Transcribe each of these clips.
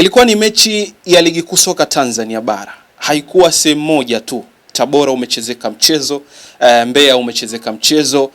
Ilikuwa ni mechi ya ligi kuu soka Tanzania bara, haikuwa sehemu moja tu. Tabora umechezeka mchezo e, Mbeya umechezeka mchezo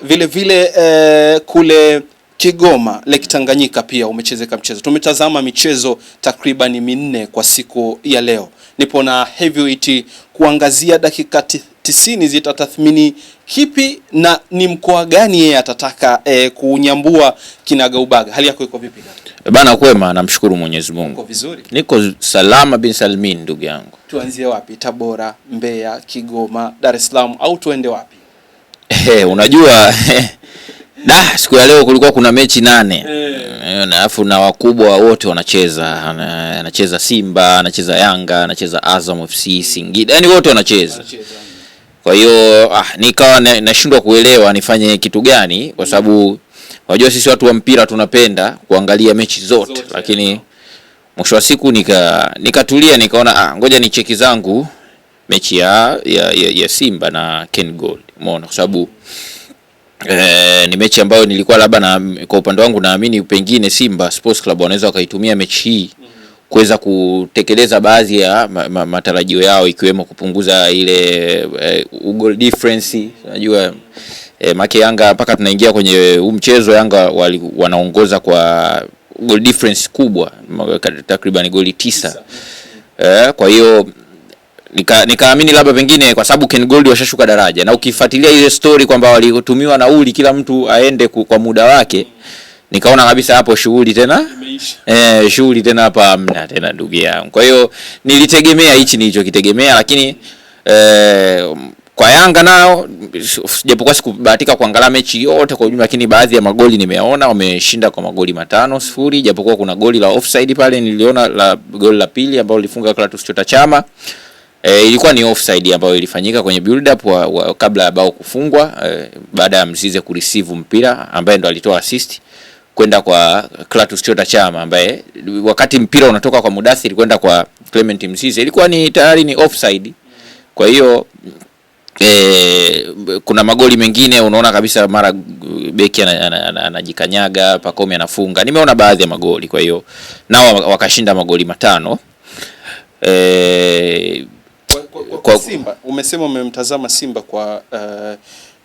vile vile e, kule Kigoma Lake Tanganyika pia umechezeka mchezo. Tumetazama michezo takriban minne kwa siku ya leo. Nipo na Heavyweight kuangazia dakika tisini zitatathmini kipi na ni mkoa gani yeye atataka e, eh, kunyambua kinagaubaga. Hali yako iko vipi? Bana, kwema, namshukuru Mwenyezi Mungu. Vizuri. Niko salama bin salmin ndugu yangu. Tuanzie wapi? Tabora, Mbeya, Kigoma, Dar es Salaam au tuende wapi? He, unajua da siku ya leo kulikuwa kuna mechi nane eh. alafu hey. Na wakubwa wote wanacheza, anacheza Simba, anacheza Yanga, anacheza Azam FC, Singida, yani wote wanacheza, Kwa hiyo ah, nikawa nashindwa kuelewa nifanye kitu gani kwa sababu Wajua, sisi watu wa mpira tunapenda kuangalia mechi zote, zote lakini mwisho wa siku nika nikatulia nikaona ah, ngoja ni cheki zangu mechi ya, ya, ya, ya Simba na Ken Gold. Umeona, kwa sababu eh, ni mechi ambayo nilikuwa labda na kwa upande wangu naamini pengine Simba Sports Club wanaweza wakaitumia mechi hii mm-hmm. kuweza kutekeleza baadhi ya ma, ma, matarajio yao ikiwemo kupunguza ile eh, goal difference unajua E, eh, make Yanga mpaka tunaingia kwenye huu mchezo Yanga wali, wanaongoza kwa goal difference kubwa takriban goli tisa. E, kwa hiyo nikaamini nika labda pengine kwa sababu Ken Gold washashuka daraja na ukifuatilia ile story kwamba walitumiwa nauli kila mtu aende kwa muda wake, nikaona kabisa hapo shughuli tena eh, shughuli tena hapa amna tena ndugu yangu. Kwa hiyo nilitegemea hichi nilichokitegemea, lakini eh, kwa Yanga nao sijapokuwa sikubahatika kuangalia mechi yote kwa ujumla, lakini baadhi ya magoli nimeona wameshinda kwa magoli matano sifuri, japokuwa kuna goli la offside pale niliona la goli la pili ambalo lilifunga Clatous Chota Chama. E, ilikuwa ni offside ambayo ilifanyika kwenye build up wa, wa, kabla ya bao kufungwa e, baada ya Mzize kureceive mpira ambaye ndo alitoa assist kwenda kwa Clatous Chota Chama ambaye wakati mpira unatoka kwa Mudathir kwenda kwa Clement Mzize ilikuwa ni tayari ni offside. Kwa hiyo e, kuna magoli mengine unaona kabisa mara beki anajikanyaga ana, ana, ana anafunga. Nimeona baadhi ya magoli, kwa hiyo nao wakashinda magoli matano e, kwa, kwa, kwa, kwa Simba. Umesema umemtazama Simba kwa uh,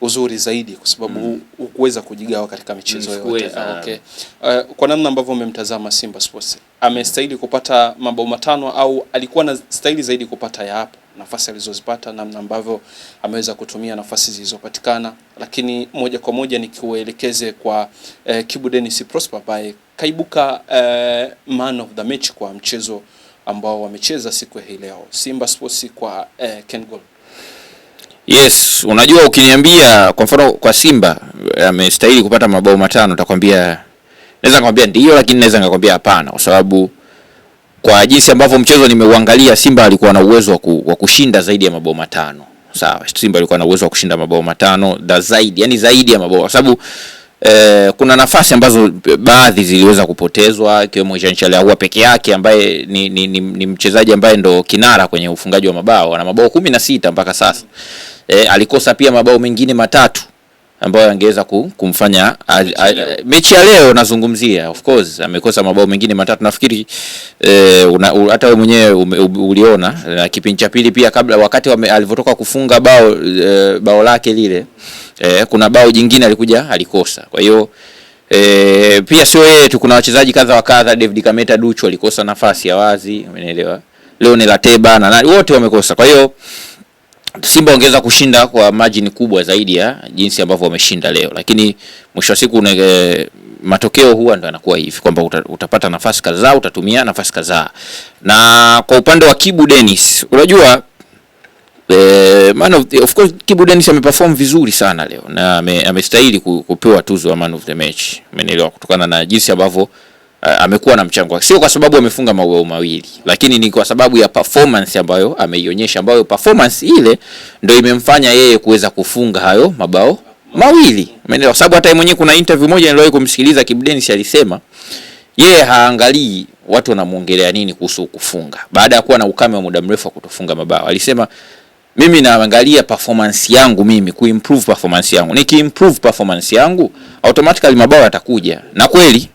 uzuri zaidi kwa sababu mm. hukuweza kujigawa katika michezo yote. Ah, okay. Uh, kwa namna ambavyo umemtazama Simba Sports amestahili kupata mabao matano au alikuwa na stahili zaidi kupata ya hapo? nafasi alizozipata, namna ambavyo ameweza kutumia nafasi zilizopatikana, lakini moja kwa moja nikiwaelekeze kwa eh, Kibu Dennis Prosper ambaye kaibuka eh, man of the match kwa mchezo ambao wamecheza siku ya hii leo Simba Sports kwa eh, Ken Gold. Yes, unajua ukiniambia kwa mfano kwa Simba eh, amestahili kupata mabao matano, nitakwambia naweza nikwambia ndio lakini naweza nikakwambia hapana, kwa sababu kwa jinsi ambavyo mchezo nimeuangalia, Simba alikuwa na uwezo wa kushinda zaidi ya mabao matano. Sawa, Simba alikuwa na uwezo wa kushinda mabao matano da zaidi, yani zaidi ya mabao, kwa sababu eh, kuna nafasi ambazo baadhi ziliweza kupotezwa, ikiwemo Jean Ahoua peke yake ambaye ni, ni, ni, ni mchezaji ambaye ndo kinara kwenye ufungaji wa mabao, ana mabao kumi na sita mpaka sasa. Eh, alikosa pia mabao mengine matatu ambayo angeweza kumfanya mechi ya leo nazungumzia. Of course amekosa mabao mengine matatu nafikiri, eh, hata e, wewe mwenyewe uliona na eh, kipindi cha pili pia, kabla wakati alivyotoka kufunga bao e, bao lake lile e, kuna bao jingine alikuja alikosa. Kwa hiyo e, pia sio yeye tu, kuna wachezaji kadha wa kadha. David Kameta Duchu alikosa nafasi ya wazi, umeelewa? Leo ni Lateba na wote wamekosa, kwa hiyo Simba ongeza kushinda kwa margin kubwa zaidi ya jinsi ambavyo wameshinda leo, lakini mwisho wa siku una eh, matokeo huwa ndo yanakuwa hivi kwamba utapata nafasi kadhaa, utatumia nafasi kadhaa. Na kwa upande wa Kibu Dennis, unajua eh, man of, the, of course Kibu Dennis ameperform vizuri sana leo na amestahili kupewa tuzo ya man of the match, umenielewa, kutokana na jinsi ambavyo uh, amekuwa na mchango sio kwa sababu amefunga mabao mawili, lakini ni kwa sababu ya performance ambayo ameionyesha, ambayo performance ile ndio imemfanya yeye kuweza kufunga hayo mabao mawili. Umeelewa? Kwa sababu hata yeye mwenyewe kuna interview moja niliwahi kumsikiliza Kibu Denis alisema yeye haangalii watu wanamuongelea nini kuhusu kufunga, baada ya kuwa na ukame wa muda mrefu wa kutofunga mabao, alisema mimi naangalia performance yangu, mimi kuimprove performance yangu. Nikiimprove performance yangu automatically mabao yatakuja, na kweli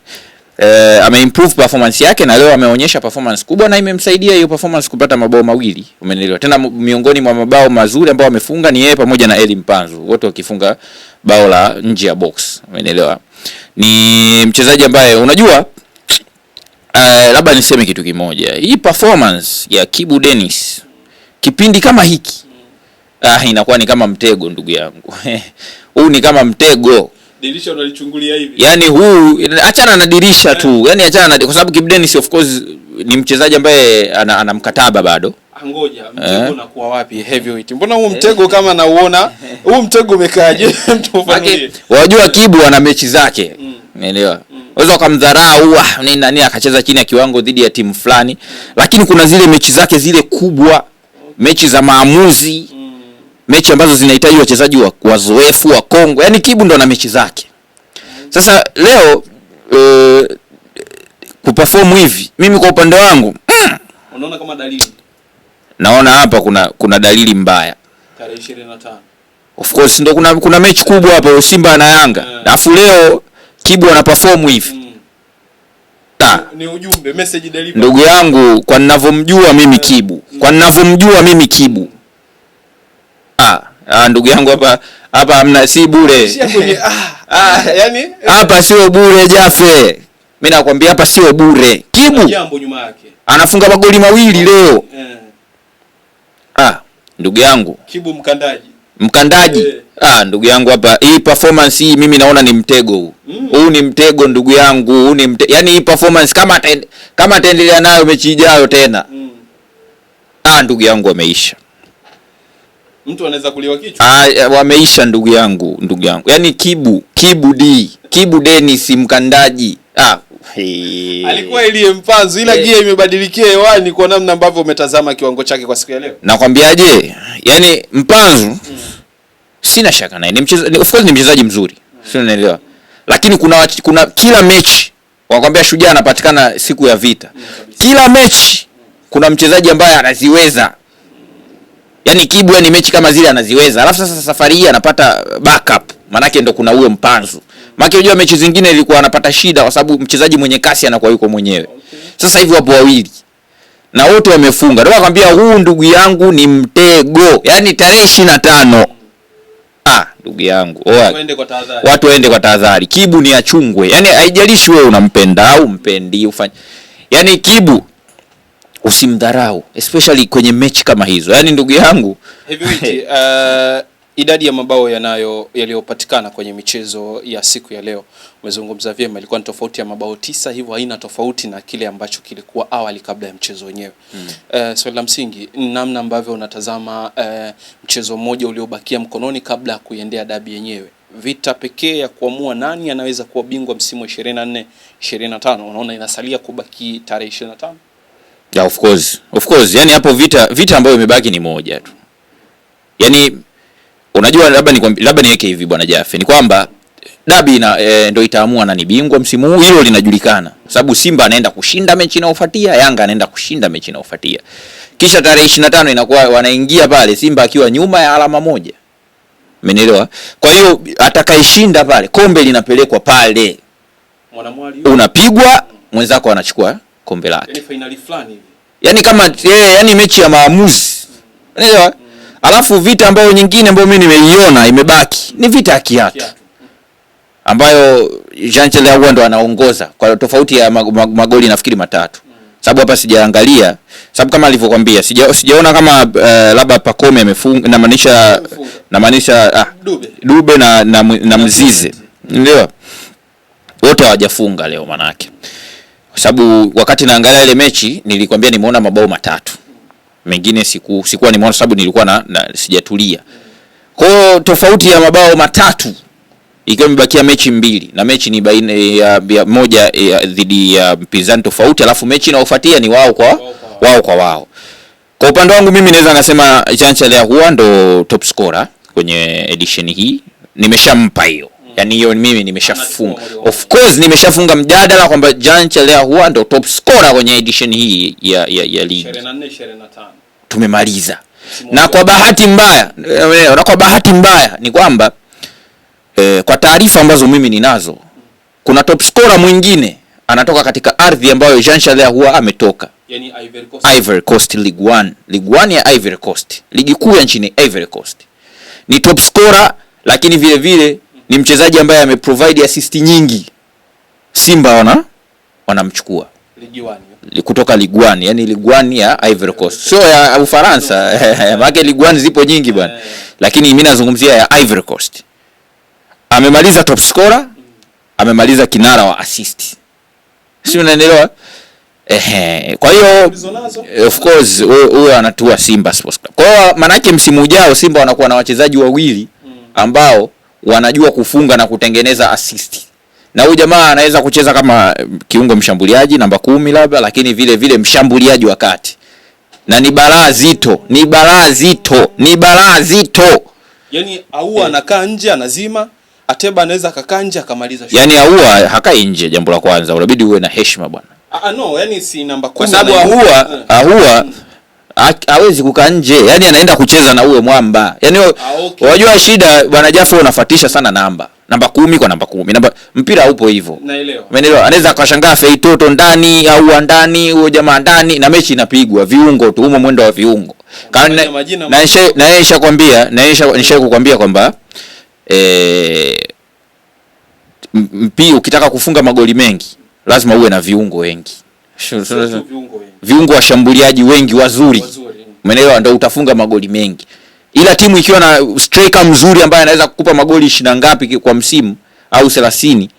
eh, ameimprove performance yake na leo ameonyesha performance kubwa na imemsaidia hiyo performance kupata mabao mawili, umeelewa? Tena miongoni mwa mabao mazuri ambayo amefunga ni yeye pamoja na Eli Mpanzu, wote wakifunga bao la nje ya box, umeelewa? Ni mchezaji ambaye unajua uh, labda niseme kitu kimoja, hii performance ya Kibu Dennis kipindi kama hiki ah, inakuwa ni kama mtego ndugu yangu huu ni kama mtego dirisha unalichungulia hivi. yani huu achana na dirisha yeah, tu. Eh. yani achana kwa sababu Kibu Denis of course ni mchezaji ambaye ana, ana mkataba bado. Ngoja eh. mtego yeah, unakuwa wapi Heavyweight? Mbona huu eh. mtego yeah, kama nauona huu mtego umekaaje? Mtu Wajua Kibu ana mechi zake. Mm. Unaelewa? Mm. Unaweza ukamdharau nini nani akacheza chini ya kiwango dhidi ya timu fulani, lakini kuna zile mechi zake zile kubwa, mechi za maamuzi mm mechi ambazo zinahitaji wachezaji wa wazoefu wa Kongo. Yaani Kibu ndo na mechi zake. Sasa leo e, kuperform hivi mimi kwa upande wangu mm, unaona kama dalili, naona hapa kuna kuna dalili mbaya tarehe 25. Of course ndo kuna kuna mechi kubwa hapa Simba na Yanga eh. alafu yeah. Leo Kibu ana perform hivi mm. Ah. Ni ujumbe, message delivery. Ndugu yangu kwa ninavyomjua mimi eh. Kibu, kwa ninavyomjua mimi Kibu Ah, ah, ndugu yangu hapa hapa hamna si bure. Ah, ah, ah, yani eh. hapa sio bure jafe Mimi nakwambia hapa sio bure. Kibu jambo nyuma yake. Anafunga magoli mawili leo. Eh. Ah, ndugu yangu. Kibu mkandaji. Mkandaji. Eh. Ah, ndugu yangu hapa hii performance hii mimi naona ni mtego huu. Mm. Huu ni mtego ndugu yangu, huu ni mtego. Yaani hii performance kama ten, kama ataendelea nayo mechi ijayo tena. Mm. Ah, ndugu yangu ameisha. Mtu anaweza kuliwa kichwa. Ah, eh, wameisha ndugu yangu, ndugu yangu. Yaani Kibu, Kibu D, Kibu Dennis mkandaji. Ah, Hey. Alikuwa Elie Mpanzu ila hey, eh. gia imebadilikia hewani kwa namna ambavyo umetazama kiwango chake kwa siku ya leo. Nakwambiaje? Yaani Mpanzu hmm, sina shaka naye. Ni mchezaji of course ni mchezaji mzuri. Hmm. Sio naelewa. Lakini kuna kuna kila mechi wanakwambia shujaa anapatikana siku ya vita. Hmm. Kila mechi kuna mchezaji ambaye anaziweza yani Kibwe ni mechi kama zile anaziweza, alafu sasa safari hii anapata backup, manake ndo kuna huyo mpanzu Maki ujua mechi zingine ilikuwa anapata shida kwa sababu mchezaji mwenye kasi anakuwa yuko mwenyewe. Sasa hivi wapo wawili. Na wote wamefunga. Ndio nakwambia huu ndugu yangu ni mtego. yani tarehe 25. Ah, ndugu yangu. Waende Watu waende kwa tahadhari. Kibu ni achungwe. yani haijalishi wewe unampenda au mpendi ufanye. yani Kibu usimdharau especially kwenye mechi kama hizo. Yaani ndugu yangu uh, idadi ya mabao yanayo yaliyopatikana kwenye michezo ya siku ya leo umezungumza vyema, ilikuwa ni tofauti ya mabao tisa, hivyo haina tofauti na kile ambacho kilikuwa awali kabla ya mchezo wenyewe. Mm. Uh, swali la msingi namna ambavyo unatazama uh, mchezo mmoja uliobakia mkononi kabla ya kuiendea dabi yenyewe vita pekee ya kuamua nani anaweza kuwa bingwa msimu 24 25, unaona inasalia kubaki tarehe Yeah, of course. Of course. Yani hapo vita vita ambayo imebaki ni moja tu. Yaani unajua labda ni labda niweke hivi bwana Jafe, ni kwamba dabi na e, ndio itaamua nani bingwa msimu huu, hilo linajulikana, sababu Simba anaenda kushinda mechi inayofuatia, Yanga anaenda kushinda mechi inayofuatia, kisha tarehe 25 inakuwa wanaingia pale Simba akiwa nyuma ya alama moja, umenielewa? Kwa hiyo atakayeshinda pale, kombe linapelekwa pale, Mwanamwali unapigwa mwenzako anachukua kombe lake, yani yaani kama yeye, yani mechi ya maamuzi, unaelewa? mm. mm. Alafu vita ambayo nyingine ambayo mimi nimeiona imebaki ni vita ya kiatu mm. ambayo Jean Ahoua ndo anaongoza kwa tofauti ya mag mag magoli nafikiri matatu, mm. sababu hapa sijaangalia, sababu kama alivyokuambia sija, sijaona kama uh, labda Pacome amefunga na maanisha na maanisha ah, Dube, Dube na na, na Mzize ndio wote hawajafunga leo manake kwa sababu wakati naangalia ile mechi nilikwambia nimeona mabao matatu, mengine siku sikuwa nimeona sababu nilikuwa na, na sijatulia. Kwa tofauti ya mabao matatu ikiwa imebakia mechi mbili na mechi ni baina ya, ya moja dhidi ya mpinzani tofauti, alafu mechi inayofuatia ni wao kwa wao kwa wao. Kwa upande wangu mimi naweza nasema chancha Charles huwa ndo top scorer kwenye edition hii, nimeshampa hiyo yani hiyo mimi nimeshafunga, of course nimeshafunga mjadala kwamba Jean Chelea huwa ndo top scorer kwenye edition hii ya, ya, ya ligi. Tumemaliza na kwa bahati mbaya, eh, na kwa bahati mbaya ni kwamba eh, kwa taarifa ambazo mimi ninazo kuna top scorer mwingine anatoka katika ardhi ambayo Jean Chalea huwa ametoka, yani Ivory Coast. Ivory Coast League 1, League 1 ya Ivory Coast, ligi kuu ya nchini Ivory Coast, ni top scorer, lakini vile vile ni mchezaji ambaye ameprovide assist nyingi, Simba wana wanamchukua kutoka Liguan, yani Liguan ya Ivory Coast, sio ya Ufaransa maana Liguan zipo nyingi bwana, lakini mimi nazungumzia ya Ivory Coast. Amemaliza top scorer, amemaliza kinara wa assist, sio unaelewa? Ehe, kwa hiyo of course huyo anatua Simba Sports Club. Kwa hiyo maana yake msimu ujao Simba wanakuwa na wachezaji wawili mm. ambao wanajua kufunga na kutengeneza assist. Na huyu jamaa anaweza kucheza kama eh, kiungo mshambuliaji namba kumi labda, lakini vile vile mshambuliaji wa kati, na ni balaa zito, ni balaa zito, ni balaa zito. Yani Ahoua eh. anakaa nje anazima Ateba anaweza akakaa nje akamaliza. Yaani Ahoua hakai nje, jambo la kwanza unabidi uwe na heshima bwana. Ah, ah no, yani si namba kwa sababu Ahoua eh. Ahoua hmm hawezi kukaa nje, yani anaenda kucheza na uwe mwamba. Yani ah, okay. wajua Shida bwana jafu unafatisha sana namba namba kumi kwa namba kumi namba, mpira upo hivyo, umeelewa? Anaweza akashangaa feitoto ndani au ndani, huyo jamaa ndani, na mechi inapigwa viungo tu, humo mwendo wa viungo kama ishakwambia kwambia, kukwambia kwamba eh, mpira ukitaka kufunga magoli mengi lazima uwe na viungo wengi viungo washambuliaji wengi wazuri, umeelewa? Ndio utafunga magoli mengi, ila timu ikiwa na striker mzuri ambaye anaweza kukupa magoli ishirini na ngapi kwa msimu au thelathini,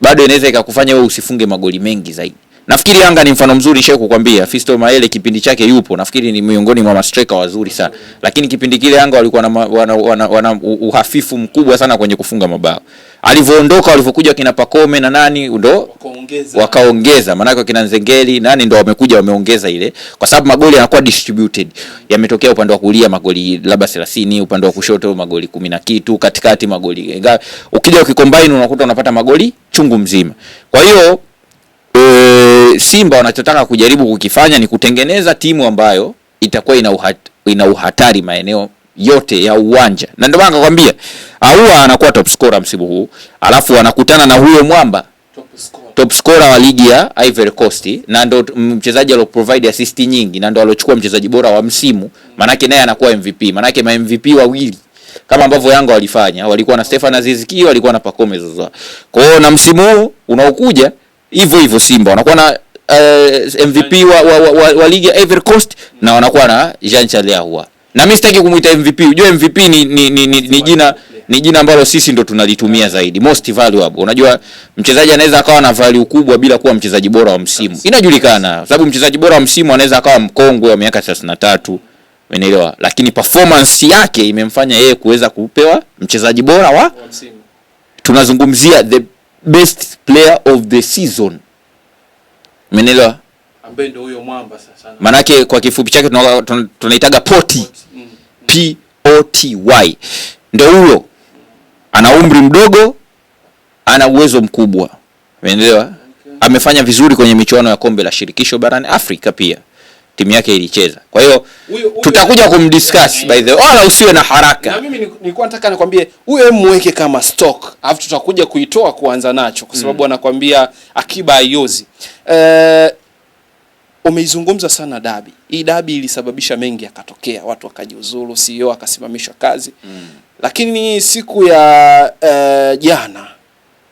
bado inaweza ikakufanya wewe usifunge magoli mengi zaidi. Nafikiri Yanga ni mfano mzuri, shehe kukwambia Fisto Maele kipindi chake yupo, nafikiri ni miongoni mwa mastreka wazuri sana, lakini kipindi kile Yanga walikuwa na wana, wana, wana uhafifu mkubwa sana kwenye kufunga mabao. Alivyoondoka walivyokuja kina Pakome na nani ndo wakaongeza, wakaongeza maanake kina Nzengeli nani ndo wamekuja wameongeza ile, kwa sababu magoli yanakuwa distributed, yametokea upande wa kulia magoli labda 30, upande wa kushoto magoli kumi na kitu, katikati magoli. Ukija ukicombine unakuta unapata magoli chungu mzima, kwa hiyo e, Simba wanachotaka kujaribu kukifanya ni kutengeneza timu ambayo itakuwa ina, uhat, ina uhatari maeneo yote ya uwanja, na ndio maana nakwambia Aua anakuwa top scorer msimu huu, alafu anakutana na huyo mwamba top scorer wa ligi ya Ivory Coast, na ndo mchezaji alio provide assist nyingi, na ndo alochukua mchezaji bora wa msimu, manake naye anakuwa MVP, manake ma MVP wawili kama ambavyo Yanga walifanya, walikuwa na Stefan Aziziki, walikuwa na Pacome Zouzoua. Kwa hiyo na msimu huu unaokuja hivyo hivyo Simba wanakuwa na uh, eh, MVP wa, wa, wa, wa, wa ligi ya ever Coast na wanakuwa na Jean Charles Ahoua. Na mi sitaki kumwita MVP. ujue MVP ni ni, ni, ni, ni jina ni jina ambalo sisi ndo tunalitumia zaidi, most valuable. Unajua mchezaji anaweza akawa na value kubwa bila kuwa mchezaji bora wa msimu, inajulikana, sababu mchezaji bora wa msimu anaweza akawa mkongwe wa miaka 33, umeelewa, lakini performance yake imemfanya yeye kuweza kupewa mchezaji bora wa, Tunazungumzia the best player of the season. menelewa Ambaye mwamba Manake kwa kifupi chake tunaitaga poti mm. P O T Y, huyo. Ana umri mdogo, ana uwezo mkubwa, menelewa Amefanya vizuri kwenye michuano ya kombe la shirikisho barani Afrika pia timu yake ilicheza. Kwa hiyo tutakuja kumdiscuss by the wala usiwe na haraka. Na mimi nilikuwa nataka nikwambie huyo mweke kama stock, alafu tutakuja kuitoa kuanza nacho kwa sababu mm. anakuambia akiba aiozi. Eh, umeizungumza sana dabi. Hii dabi ilisababisha mengi yakatokea, watu wakajiuzuru, CEO akasimamishwa kazi mm. lakini siku ya eh, jana uh,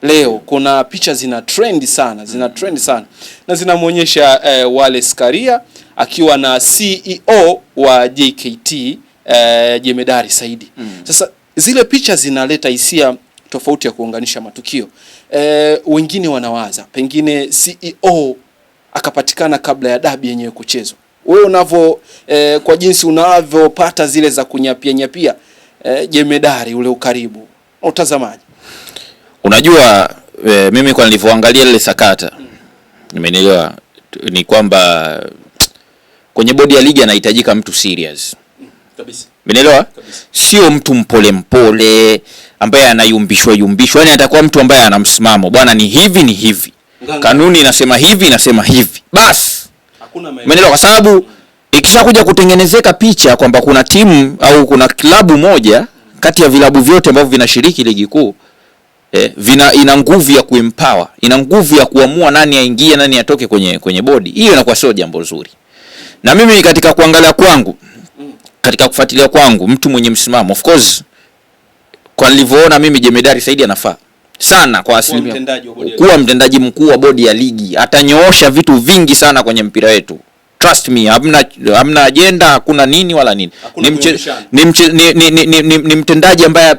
leo kuna picha zina trend sana, zina trend sana na zinamwonyesha eh, Wallace Karia akiwa na CEO wa JKT eh, Jemedari Saidi mm. Sasa zile picha zinaleta hisia tofauti ya kuunganisha matukio eh, wengine wanawaza pengine CEO akapatikana kabla ya dabi yenyewe kuchezwa. Wewe unavyo eh, kwa jinsi unavyopata zile za kunyapia nyapia eh, Jemedari ule ukaribu, utazamaji Unajua e, mimi kwa nilivyoangalia lile sakata nimeelewa ni kwamba kwenye bodi ya ligi anahitajika mtu serious kabisa, Sio mtu mpole mpole ambaye anayumbishwa yumbishwa, yani atakuwa mtu ambaye ana msimamo, bwana, ni hivi ni hivi, kanuni inasema hivi inasema hivi, bas umeelewa? Kwa sababu ikishakuja kutengenezeka picha kwamba kuna timu au kuna klabu moja kati ya vilabu vyote ambavyo vinashiriki ligi kuu eh, vina ina nguvu ya kuempower, ina nguvu ya kuamua nani aingie nani atoke kwenye kwenye bodi. Hiyo inakuwa sio jambo zuri, na mimi katika kuangalia kwangu, katika kufuatilia kwangu, mtu mwenye msimamo, of course, kwa nilivyoona mimi Jemedari Saidi anafaa sana kwa asilimia kuwa mtendaji mkuu wa bodi ya ligi, atanyoosha vitu vingi sana kwenye mpira wetu trust me, hamna hamna ajenda, hakuna nini wala nini. Ni, mche, ni, mche, ni, ni, ni, ni, ni, ni mtendaji ambaye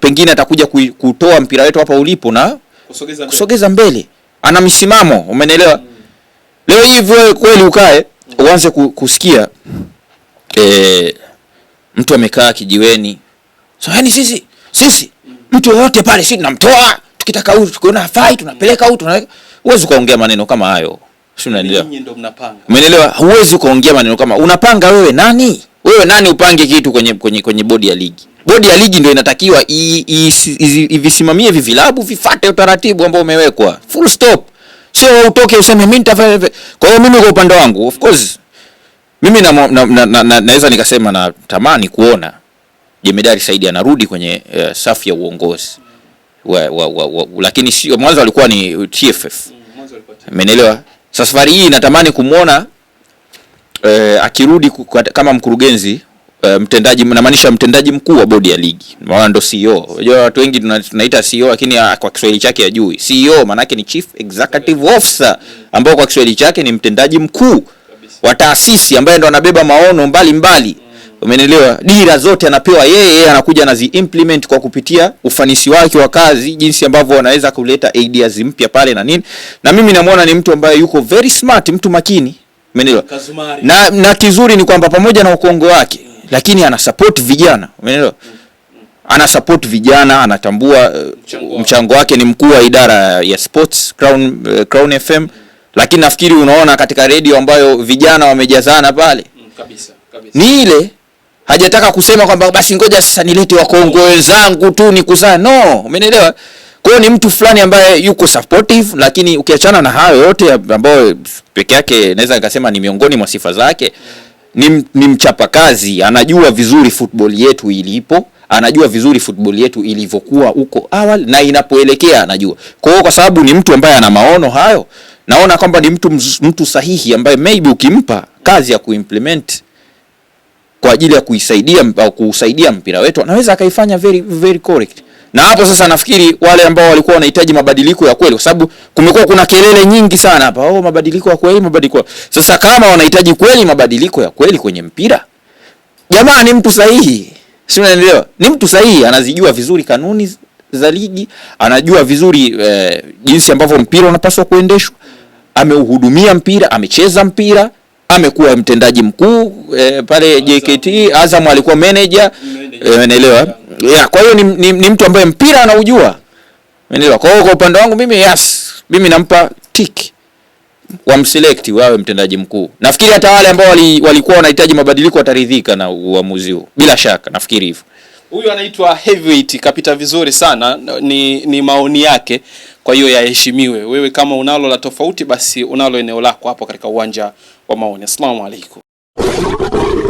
pengine atakuja kutoa mpira wetu hapa ulipo na kusogeza, kusogeza mbele, mbele. Ana misimamo, umenielewa? mm. Leo hivi wewe kweli ukae mm. uanze kusikia e, mtu amekaa kijiweni so, yani sisi sisi mm. mtu yoyote pale sisi tunamtoa tukitaka huyu tukiona hafai tunapeleka huyu mm. tunaweka. Huwezi ukaongea maneno kama hayo. Sio, unanielewa? Ninyi ndio mnapanga. Umeelewa? Huwezi ukaongea maneno kama unapanga wewe nani? Wewe nani upange kitu kwenye kwenye kwenye bodi ya ligi? Bodi ya ligi ndio inatakiwa ivisimamie hivi vilabu vifate utaratibu ambao umewekwa. Full stop. Sio wewe utoke useme mimi nitafanya. Kwa hiyo mimi kwa upande wangu, of course mimi na, na, na, na, na, naweza nikasema tamani kuona Jemedari Saidi anarudi kwenye uh, safu ya uongozi. Wa, wa, wa, wa, lakini sio mwanzo alikuwa ni TFF. Mm, mwanzo alikuwa. Umeelewa? safari hii natamani kumwona e, akirudi kama mkurugenzi e, mtendaji, namaanisha mtendaji mkuu wa bodi ya ligi, maana ndo CEO. Unajua watu wengi tunaita CEO, lakini ah, kwa Kiswahili chake hajui CEO. Maana yake ni Chief Executive Officer, ambao kwa Kiswahili chake ni mtendaji mkuu wa taasisi ambaye ndo anabeba maono mbalimbali mbali. Umenelewa? Dira zote anapewa yeye, yeye anakuja na implement kwa kupitia ufanisi wake wa kazi, jinsi ambavyo anaweza kuleta ideas mpya pale na nini. Na mimi namuona ni mtu ambaye yuko very smart, mtu makini. Umenelewa? Na, na kizuri ni kwamba pamoja na ukongo wake lakini ana support vijana. Umenelewa? Ana support vijana, anatambua uh, mchango wake ni mkuu wa idara ya sports Crown, uh, Crown FM. Lakini nafikiri unaona katika radio ambayo vijana wamejazana pale. Mm, kabisa, kabisa. Ni ile hajataka kusema kwamba basi ngoja sasa nilete wakongwe wenzangu tu nikusanye. No, umeelewa? Kwa ni mtu fulani ambaye yuko supportive, lakini ukiachana na hayo yote ambayo peke yake naweza nikasema ni miongoni mwa sifa zake, ni, ni mchapakazi, anajua vizuri football yetu ilipo, anajua vizuri football yetu ilivyokuwa huko awali na inapoelekea anajua. Kwa hiyo kwa sababu ni mtu ambaye ana maono hayo, naona kwamba ni mtu mtu sahihi ambaye maybe ukimpa kazi ya kuimplement kwa ajili ya kuisaidia au kusaidia mpira wetu anaweza akaifanya very very correct. Na hapo sasa nafikiri wale ambao walikuwa wanahitaji mabadiliko ya kweli, kwa sababu kumekuwa kuna kelele nyingi sana hapa, oh, mabadiliko ya kweli, mabadiliko. Sasa kama wanahitaji kweli mabadiliko ya kweli kwenye mpira, jamaa ni mtu sahihi, si unaelewa? Ni mtu sahihi, anazijua vizuri kanuni za ligi, anajua vizuri eh, jinsi ambavyo mpira unapaswa kuendeshwa, ameuhudumia mpira, amecheza mpira amekuwa mtendaji mkuu e, pale JKT. Azam alikuwa manager, unaelewa eh, e, yeah. Kwa hiyo ni, ni, ni mtu ambaye mpira anaujua, unaelewa. Kwa hiyo kwa upande wangu mimi yes, mimi nampa tiki wamselekti wawe mtendaji mkuu. Nafikiri hata wale ambao walikuwa wali wanahitaji mabadiliko wataridhika na uamuzi huu, bila shaka nafikiri hivyo. Huyu anaitwa Heavyweight, kapita vizuri sana, ni, ni maoni yake, kwa hiyo yaheshimiwe. Wewe kama unalo la tofauti, basi unalo eneo lako hapo katika uwanja wa maoni. Assalamu alaikum.